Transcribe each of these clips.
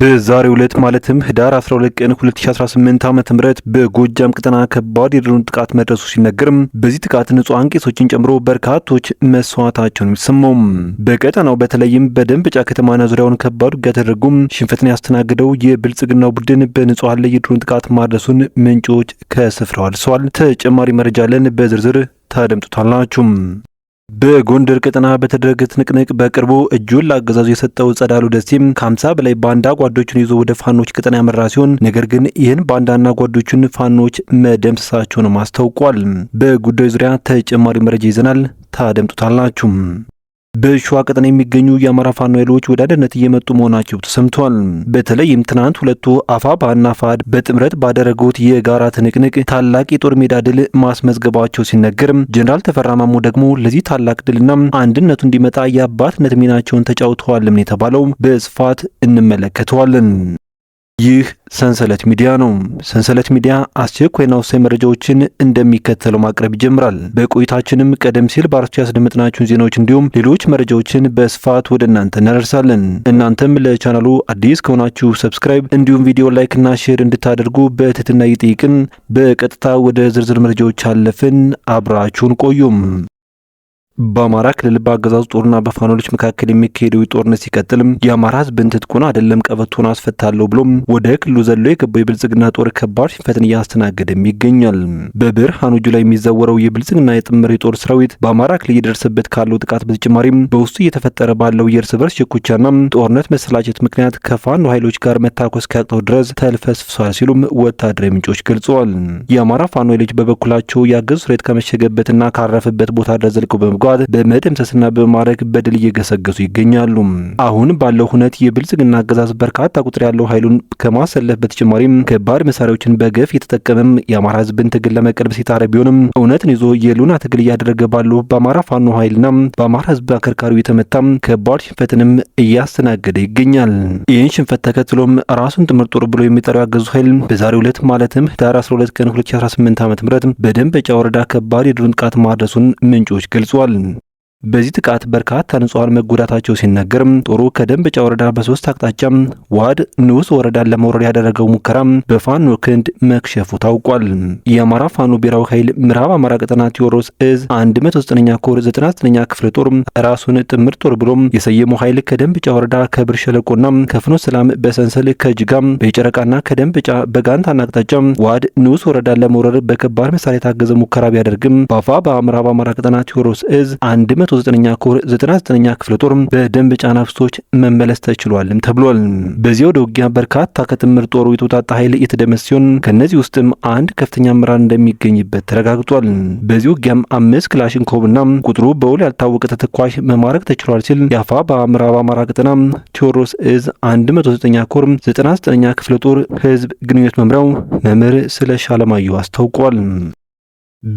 በዛሬው ዕለት ማለትም ህዳር 12 ቀን 2018 ዓ.ም በጎጃም ቀጠና ከባድ የድሮን ጥቃት መድረሱ ሲነገርም በዚህ ጥቃት ንጹሐን ቄሶችን ጨምሮ በርካቶች መስዋዕታቸውን የሚሰማውም በቀጠናው በተለይም በደንበጫ ከተማና ዙሪያውን ከባድ ውጊያ ተደርጎም ሽንፈትን ያስተናግደው የብልጽግናው ቡድን በንጹሐን ላይ የድሮን ጥቃት ማድረሱን ምንጮች ከስፍራው አድርሰዋል። ተጨማሪ መረጃ አለን፣ በዝርዝር ታደምጡታላችሁም። በጎንደር ቀጠና በተደረገ ትንቅንቅ በቅርቡ እጁን ለአገዛዙ የሰጠው ጸዳሉ ደሴም ከሀምሳ በላይ ባንዳ ጓዶቹን ይዞ ወደ ፋኖች ቀጠና ያመራ ሲሆን ነገር ግን ይህን ባንዳና ጓዶቹን ፋኖች መደምሰሳቸውንም አስታውቋል። በጉዳዩ ዙሪያ ተጨማሪ መረጃ ይዘናል፣ ታደምጡታላችሁ። በሸዋ ቀጠና የሚገኙ የአማራ ፋኖ ኃይሎች ወደ አደነት እየመጡ መሆናቸው ተሰምቷል። በተለይም ትናንት ሁለቱ አፋባና ፋድ በጥምረት ባደረጉት የጋራ ትንቅንቅ ታላቅ የጦር ሜዳ ድል ማስመዝገባቸው ሲነገር፣ ጀኔራል ተፈራ ማሞ ደግሞ ለዚህ ታላቅ ድልና አንድነቱ እንዲመጣ የአባትነት ሚናቸውን ተጫውተዋልም የተባለው በስፋት እንመለከተዋለን። ይህ ሰንሰለት ሚዲያ ነው። ሰንሰለት ሚዲያ አስቸኳይና ወሳኝ መረጃዎችን እንደሚከተለው ማቅረብ ይጀምራል። በቆይታችንም ቀደም ሲል በአርሶ ያስደመጥናችሁን ዜናዎች እንዲሁም ሌሎች መረጃዎችን በስፋት ወደ እናንተ እናደርሳለን። እናንተም ለቻናሉ አዲስ ከሆናችሁ ሰብስክራይብ፣ እንዲሁም ቪዲዮ ላይክና ሼር እንድታደርጉ በትህትና እየጠየቅን በቀጥታ ወደ ዝርዝር መረጃዎች አለፍን። አብራችሁን ቆዩም። በአማራ ክልል በአገዛዙ ጦርና በፋኖሎች መካከል የሚካሄደው ጦርነት ሲቀጥልም የአማራ ህዝብን ትጥቁን አደለም ቀበቶን አስፈታለሁ ብሎም ወደ ክልሉ ዘሎ የገባው የብልጽግና ጦር ከባድ ሽንፈትን እያስተናገደም ይገኛል። በብርሃኑ ጁላ የሚዘወረው የብልጽግና የጥምር የጦር ሰራዊት በአማራ ክልል እየደረሰበት ካለው ጥቃት በተጨማሪም በውስጡ እየተፈጠረ ባለው የእርስ በርስ ሽኩቻና ጦርነት መሰላቸት ምክንያት ከፋኖ ኃይሎች ጋር መታኮስ ካቅተው ድረስ ተልፈስፍሷል ሲሉም ወታደራዊ ምንጮች ገልጸዋል። የአማራ ፋኖ ኃይሎች በበኩላቸው የአገዛዙ ሰራዊት ከመሸገበትና ካረፈበት ቦታ ድረስ ዘልቀው በመጓዝ በማስተዋል በመደምሰስና በማድረግ በድል እየገሰገሱ ይገኛሉ። አሁን ባለው ሁነት የብልጽግና አገዛዝ በርካታ ቁጥር ያለው ኃይሉን ከማሰለፍ በተጨማሪም ከባድ መሳሪያዎችን በገፍ የተጠቀመም የአማራ ህዝብን ትግል ለመቀልበስ ሲታረ ቢሆንም እውነትን ይዞ የሉና ትግል እያደረገ ባሉ በአማራ ፋኖ ኃይልና በአማራ ህዝብ አከርካሪ የተመታ ከባድ ሽንፈትንም እያስተናገደ ይገኛል። ይህን ሽንፈት ተከትሎም ራሱን ጥምር ጦር ብሎ የሚጠራው ያገዙ ኃይል በዛሬው ዕለት ማለትም ህዳር 12 ቀን 2018 ዓ ም በደንበጫ ወረዳ ከባድ የድሮን ጥቃት ማድረሱን ምንጮች ገልጿል። einen በዚህ ጥቃት በርካታ ንጹሐን መጎዳታቸው ሲነገር ጦሩ ከደንበጫ ወረዳ በሶስት አቅጣጫ ዋድ ንዑስ ወረዳን ለመውረድ ያደረገው ሙከራ በፋኖ ክንድ መክሸፉ ታውቋል። የአማራ ፋኖ ብሔራዊ ኃይል ምዕራብ አማራ ቀጠና ቴዎድሮስ እዝ 19ኛ ኮር 99ኛ ክፍለ ጦር ራሱን ጥምር ጦር ብሎ የሰየመው ኃይል ከደንበጫ ወረዳ ከብር ሸለቆና ከፍኖ ሰላም በሰንሰል ከጅጋ በጨረቃና ከደንበጫ በጋንታና አቅጣጫ ዋድ ንዑስ ወረዳን ለመውረድ በከባድ መሳሪያ የታገዘ ሙከራ ቢያደርግም በአፋ በምዕራብ አማራ ቀጠና ቴዎድሮስ እዝ 109ኛ ኮር 99ኛ ክፍለ ጦር በደንብ ጫና ፍሶች መመለስ ተችሏልም ተብሏል። በዚያው ደውጊያ በርካታ ከጥምር ጦሩ የተውጣጣ ኃይል የተደመሰ ሲሆን ከእነዚህ ውስጥም አንድ ከፍተኛ አመራር እንደሚገኝበት ተረጋግጧል። በዚህ ውጊያም አምስት ክላሽንኮቭና ቁጥሩ በውል ያልታወቀ ተተኳሽ መማረክ ተችሏል ሲል የአፋ በምዕራብ አማራ ቅጠና ቴዎድሮስ እዝ 109ኛ ኮር 99ኛ ክፍለ ጦር ህዝብ ግንኙነት መምሪያው መምህር ስለሺ አስታውቋል።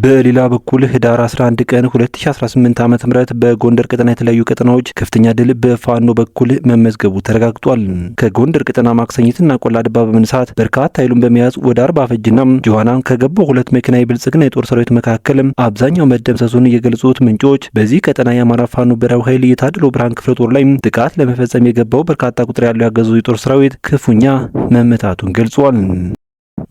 በሌላ በኩል ህዳር 11 ቀን 2018 ዓ.ም በጎንደር ቀጠና የተለያዩ ቀጠናዎች ከፍተኛ ድል በፋኖ በኩል መመዝገቡ ተረጋግጧል። ከጎንደር ቀጠና ማክሰኝትና ቆላ ድባ በመነሳት በርካታ ኃይሉን በመያዝ ወደ አርባ ፈጅና ጆሃና ከገባው ሁለት መኪና የብልጽግና የጦር ሰራዊት መካከል አብዛኛው መደምሰሱን የገለጹት ምንጮች በዚህ ቀጠና የአማራ ፋኖ ብሔራዊ ኃይል የታድሎ ብርሃን ክፍለ ጦር ላይ ጥቃት ለመፈጸም የገባው በርካታ ቁጥር ያለው ያገዙ የጦር ሰራዊት ክፉኛ መመታቱን ገልጿል።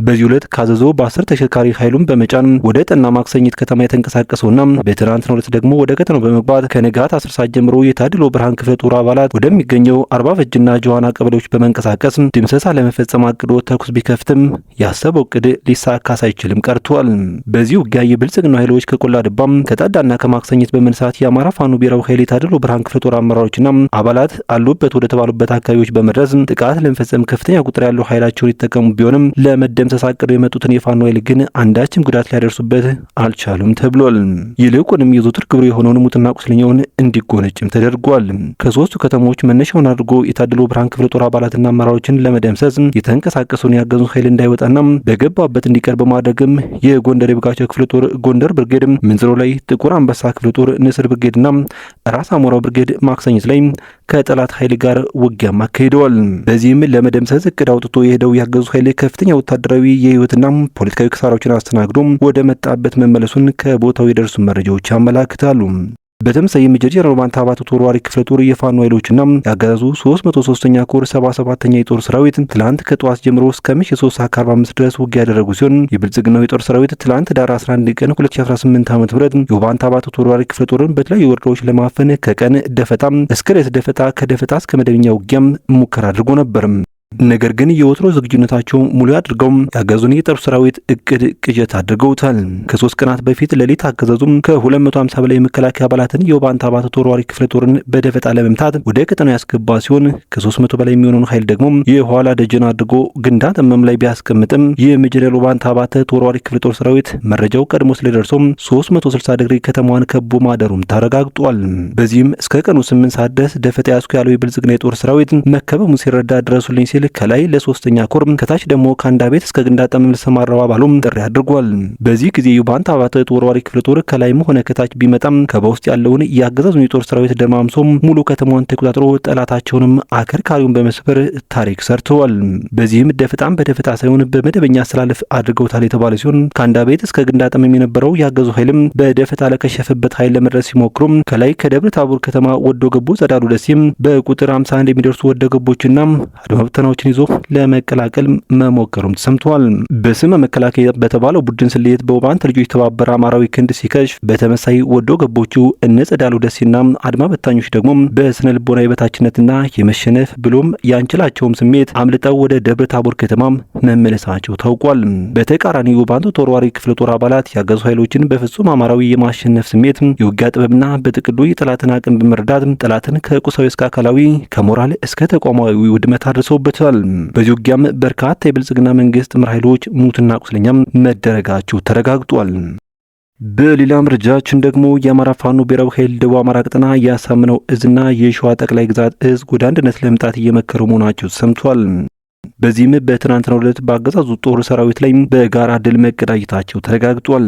በዚህ ዕለት ካዘዞ በአስር ተሽከርካሪ ኃይሉን በመጫን ወደ ጠና ማክሰኝት ከተማ የተንቀሳቀሰውና በትናንትናው ዕለት ደግሞ ወደ ከተማው በመግባት ከንጋት አስር ሰዓት ጀምሮ የታድሎ ብርሃን ክፍለ ጦር አባላት ወደሚገኘው አርባ ፈጅና ጆዋና ቀበሌዎች በመንቀሳቀስ ድምሰሳ ለመፈጸም አቅዶ ተኩስ ቢከፍትም ያሰበው እቅድ ሊሳካ ሳይችልም ቀርቷል። በዚህ ውጊያ የብልጽግና ኃይሎች ከቆላ ድባም ከጠዳና ከማክሰኝት በመነሳት የአማራ ፋኖ ብሔራዊ ኃይል የታድሎ ብርሃን ክፍለ ጦር አመራሮችና አባላት አሉበት ወደ ተባሉበት አካባቢዎች በመድረስ ጥቃት ለመፈጸም ከፍተኛ ቁጥር ያለው ኃይላቸውን ይጠቀሙ ቢሆንም ለመደ ቀደም ተሳቅደው የመጡትን የፋኖ ኃይል ግን አንዳችም ጉዳት ሊያደርሱበት አልቻሉም ተብሏል። ይልቁንም የዘወትር ክብሩ የሆነውን ሙትና ቁስለኛውን እንዲጎነጭም ተደርጓል። ከሶስቱ ከተሞች መነሻውን አድርጎ የታድሎ ብርሃን ክፍለ ጦር አባላትና አመራሮችን ለመደምሰስ የተንቀሳቀሰውን ያገዙ ኃይል እንዳይወጣና በገባበት እንዲቀር በማድረግም የጎንደር የብጋቸው ክፍለ ጦር ጎንደር ብርጌድ ምንዝሮ ላይ፣ ጥቁር አንበሳ ክፍለ ጦር ንስር ብርጌድና ራስ አሞራው ብርጌድ ማክሰኝት ላይ ከጠላት ኃይል ጋር ውጊያም አካሂደዋል። በዚህም ለመደምሰስ እቅድ አውጥቶ የሄደው ያገዙ ኃይል ከፍተኛ ወታደራዊ የህይወትና ፖለቲካዊ ክሳራዎችን አስተናግዶም ወደ መጣበት መመለሱን ከቦታው የደርሱ መረጃዎች አመላክታሉ። በተመሳሳይ የመጀጀር ሮማን ታባቱ ተወርዋሪ ክፍለ ጦር የፋኖ ኃይሎችና የአገዛዙ 303ኛ ኮር 77ኛ የጦር ሰራዊት ትላንት ከጠዋት ጀምሮ እስከ ምሽ 3 ሰዓት 45 ድረስ ውጊያ ያደረጉ ሲሆን የብልጽግናው የጦር ሰራዊት ትላንት ዳር 11 ቀን 2018 ዓ.ም ብረት የሮማን ታባቱ ተወርዋሪ ክፍለ ጦርን በተለያዩ ወረዳዎች ለማፈን ከቀን ደፈጣ እስከ ሌት ደፈጣ ከደፈጣ እስከ መደበኛ ውጊያም ሙከራ አድርጎ ነበርም። ነገር ግን የወትሮ ዝግጁነታቸው ሙሉ አድርገው ያገዙን የጦር ሰራዊት እቅድ ቅጀት አድርገውታል። ከሶስት ቀናት በፊት ሌሊት አገዛዙም ከ250 በላይ የመከላከያ አባላትን የኦባንታ ባተ ተወርዋሪ ክፍለ ጦርን በደፈጣ ለመምታት ወደ ቀጠናው ያስገባ ሲሆን ከ300 በላይ የሚሆነውን ኃይል ደግሞ የኋላ ደጀን አድርጎ ግንዳ ጠመም ላይ ቢያስቀምጥም የሜጀኔራል ኦባንታ ባተ ተወርዋሪ ክፍለ ጦር ሰራዊት መረጃው ቀድሞ ስለደርሶም 360 ዲግሪ ከተማዋን ከቦ ማደሩም ተረጋግጧል። በዚህም እስከ ቀኑ 8 ሰዓት ድረስ ደፈጣ ያስኩ ያለው የብልጽግና የጦር ሰራዊት መከበሙ ሲረዳ ድረሱልኝ ሲል በሚል ከላይ ለሶስተኛ ኮር ከታች ደግሞ ከአንዳ ቤት እስከ ግንዳ ጠመም ለተሰማራው አባሉም ጥሪ አድርጓል። በዚህ ጊዜ ዩባንት አባተ ተወርዋሪ ክፍለ ጦር ከላይም ሆነ ከታች ቢመጣም ከበውስጥ ያለውን የአገዛዙን የጦር ሰራዊት ደማምሶም ሙሉ ከተማዋን ተቆጣጥሮ ጠላታቸውንም አከርካሪውን በመስበር ታሪክ ሰርተዋል። በዚህም ደፈጣም በደፈጣ ሳይሆን በመደበኛ አስተላለፍ አድርገውታል የተባለ ሲሆን ከአንዳ ቤት እስከ ግንዳ ጠመም የነበረው ያገዙ ኃይልም በደፈጣ ለከሸፈበት ኃይል ለመድረስ ሲሞክሩም ከላይ ከደብረ ታቦር ከተማ ወዶ ገቦ ጸዳሉ ደሴም በቁጥር 51 የሚደርሱ ወደ ገቦችና አድማብተናው ቡድኖችን ይዞ ለመቀላቀል መሞከሩም ተሰምተዋል። በስመ መከላከያ በተባለው ቡድን ስሌት በውባንት ልጆች የተባበረ አማራዊ ክንድ ሲከሽ በተመሳይ ወዶ ገቦቹ እነ ጸዳሉ ደሴና አድማ በታኞች ደግሞ በስነ ልቦና የበታችነትና የመሸነፍ ብሎም ያንችላቸውም ስሜት አምልጠው ወደ ደብረ ታቦር ከተማም መመለሳቸው ታውቋል። በተቃራኒ ውባንቱ ተወርዋሪ ክፍለ ጦር አባላት ያገዙ ኃይሎችን በፍጹም አማራዊ የማሸነፍ ስሜት የውጊያ ጥበብና በጥቅሉ የጠላትን አቅም በመረዳት ጠላትን ከቁሳዊ እስከ አካላዊ ከሞራል እስከ ተቋማዊ ውድመት አድርሰውበት ተመልክቷል። በዚህ ውጊያም በርካታ የብልጽግና መንግስት ምር ኃይሎች ሙትና ቁስለኛም መደረጋቸው ተረጋግጧል። በሌላ መረጃችን ደግሞ የአማራ ፋኖ ብሔራዊ ኃይል ደቡብ አማራ ቅጥና ያሳምነው እዝና የሸዋ ጠቅላይ ግዛት እዝ ወደ አንድነት ለመምጣት እየመከሩ መሆናቸው ሰምቷል። በዚህም በትናንትናው ዕለት በአገዛዙ ጦር ሰራዊት ላይ በጋራ ድል መቀዳጀታቸው ተረጋግጧል።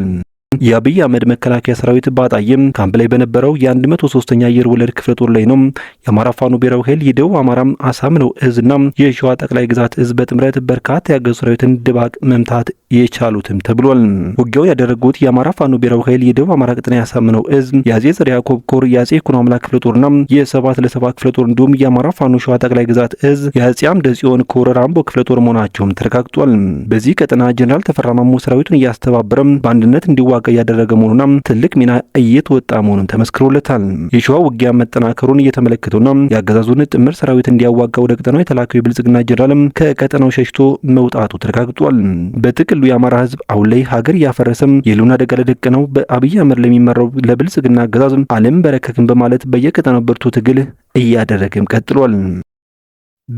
የአብይ አህመድ መከላከያ ሰራዊት በአጣዬም ካምፕ ላይ በነበረው የ103ኛ አየር ወለድ ክፍለ ጦር ላይ ነው የአማራ ፋኖ ብሔራዊ ኃይል የደቡብ አማራ አሳምነው እዝና የሸዋ ጠቅላይ ግዛት እዝ በጥምረት በርካታ ያገዙ ሰራዊትን ድባቅ መምታት የቻሉትም ተብሏል። ውጊያው ያደረጉት የአማራ ፋኖ ብሔራዊ ኃይል የደቡብ አማራ ቅጥና ያሳምነው እዝ የአጼ ዘርዓ ያዕቆብ ኮር የአጼ ኩኖ አምላክ ክፍለ ጦርና የሰባት ለሰባ ክፍለ ጦር እንዲሁም የአማራ ፋኖ ሸዋ ጠቅላይ ግዛት እዝ የአጼ አምደ ጽዮን ኮር ራምቦ ክፍለ ጦር መሆናቸውም ተረጋግጧል። በዚህ ቀጠና ጀኔራል ተፈራ ማሞ ሰራዊቱን እያስተባበረም በአንድነት እንዲዋ እንዲሟቅ እያደረገ መሆኑና ትልቅ ሚና እየተወጣ መሆኑን ተመስክሮለታል። የሸዋ ውጊያ መጠናከሩን እየተመለከተውና የአገዛዙን ጥምር ሰራዊት እንዲያዋጋ ወደ ቀጠናው የተላከው የብልጽግና ጀነራልም ከቀጠናው ሸሽቶ መውጣቱ ተረጋግጧል። በጥቅሉ የአማራ ህዝብ አሁን ላይ ሀገር እያፈረሰም የህልውና አደጋ ለደቀነው በአብይ አህመድ ለሚመራው ለብልጽግና አለም በረከክም በማለት በየቀጠናው ብርቱ ትግል እያደረገም ቀጥሏል።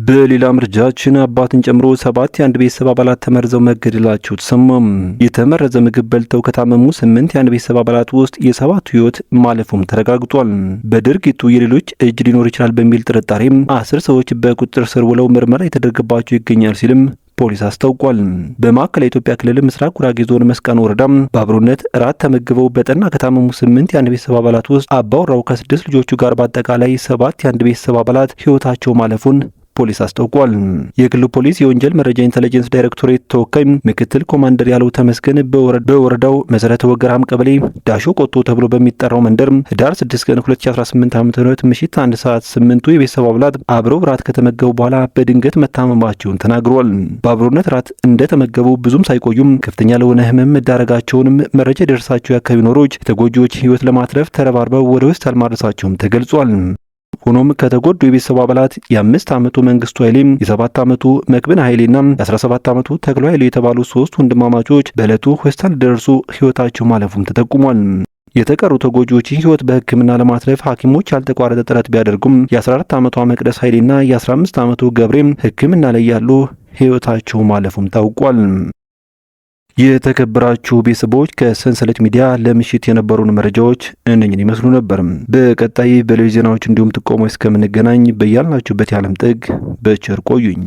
በሌላ ምርጃችን አባትን ጨምሮ ሰባት የአንድ ቤተሰብ አባላት ተመርዘው መገደላቸው ተሰማም። የተመረዘ ምግብ በልተው ከታመሙ ስምንት የአንድ ቤተሰብ አባላት ውስጥ የሰባቱ ሕይወት ማለፉም ተረጋግጧል። በድርጊቱ የሌሎች እጅ ሊኖር ይችላል በሚል ጥርጣሬም አስር ሰዎች በቁጥጥር ስር ውለው ምርመራ የተደረገባቸው ይገኛል ሲልም ፖሊስ አስታውቋል። በማዕከላዊ ኢትዮጵያ ክልል ምስራቅ ጉራጌ ዞን መስቃን ወረዳ በአብሮነት ራት ተመግበው በጠና ከታመሙ ስምንት የአንድ ቤተሰብ አባላት ውስጥ አባወራው ከስድስት ልጆቹ ጋር በአጠቃላይ ሰባት የአንድ ቤተሰብ አባላት ሕይወታቸው ማለፉን ፖሊስ አስታውቋል። የክልሉ ፖሊስ የወንጀል መረጃ ኢንተለጀንስ ዳይሬክቶሬት ተወካይ ምክትል ኮማንደር ያለው ተመስገን በወረዳው መሰረተ ወገራም ቀበሌ ዳሾ ቆቶ ተብሎ በሚጠራው መንደር ህዳር 6 ቀን 2018 ዓ ም ምሽት አንድ ሰዓት ስምንቱ የቤተሰብ አባላት አብረው ራት ከተመገቡ በኋላ በድንገት መታመማቸውን ተናግሯል። በአብሮነት ራት እንደተመገቡ ብዙም ሳይቆዩም ከፍተኛ ለሆነ ህመም መዳረጋቸውንም መረጃ የደረሳቸው የአካባቢ ኖሮች የተጎጂዎች ህይወት ለማትረፍ ተረባርበው ወደ ሆስፒታል ማድረሳቸውም ተገልጿል። ሆኖም ከተጎዱ የቤተሰቡ አባላት የአምስት ዓመቱ መንግስቱ ኃይሌ፣ የሰባት ዓመቱ መክብን ኃይሌና የአስራ ሰባት ዓመቱ ተክሎ ኃይሌ የተባሉ ሶስት ወንድማማቾች በዕለቱ ሆስፒታል ደርሶ ህይወታቸው ማለፉም ተጠቁሟል። የተቀሩ ተጎጂዎችን ህይወት በህክምና ለማትረፍ ሐኪሞች ያልተቋረጠ ጥረት ቢያደርጉም የ14 ዓመቷ መቅደስ ኃይሌና የ15 ዓመቱ ገብሬም ህክምና ላይ ያሉ ህይወታቸው ማለፉም ታውቋል። የተከበራችሁ ቤተሰቦች ከሰንሰለት ሚዲያ ለምሽት የነበሩን መረጃዎች እነኝን ይመስሉ ነበር። በቀጣይ በሌሎች ዜናዎች እንዲሁም ጥቆሞ እስከምንገናኝ በያልናችሁበት የዓለም ጥግ በቸር ቆዩኝ።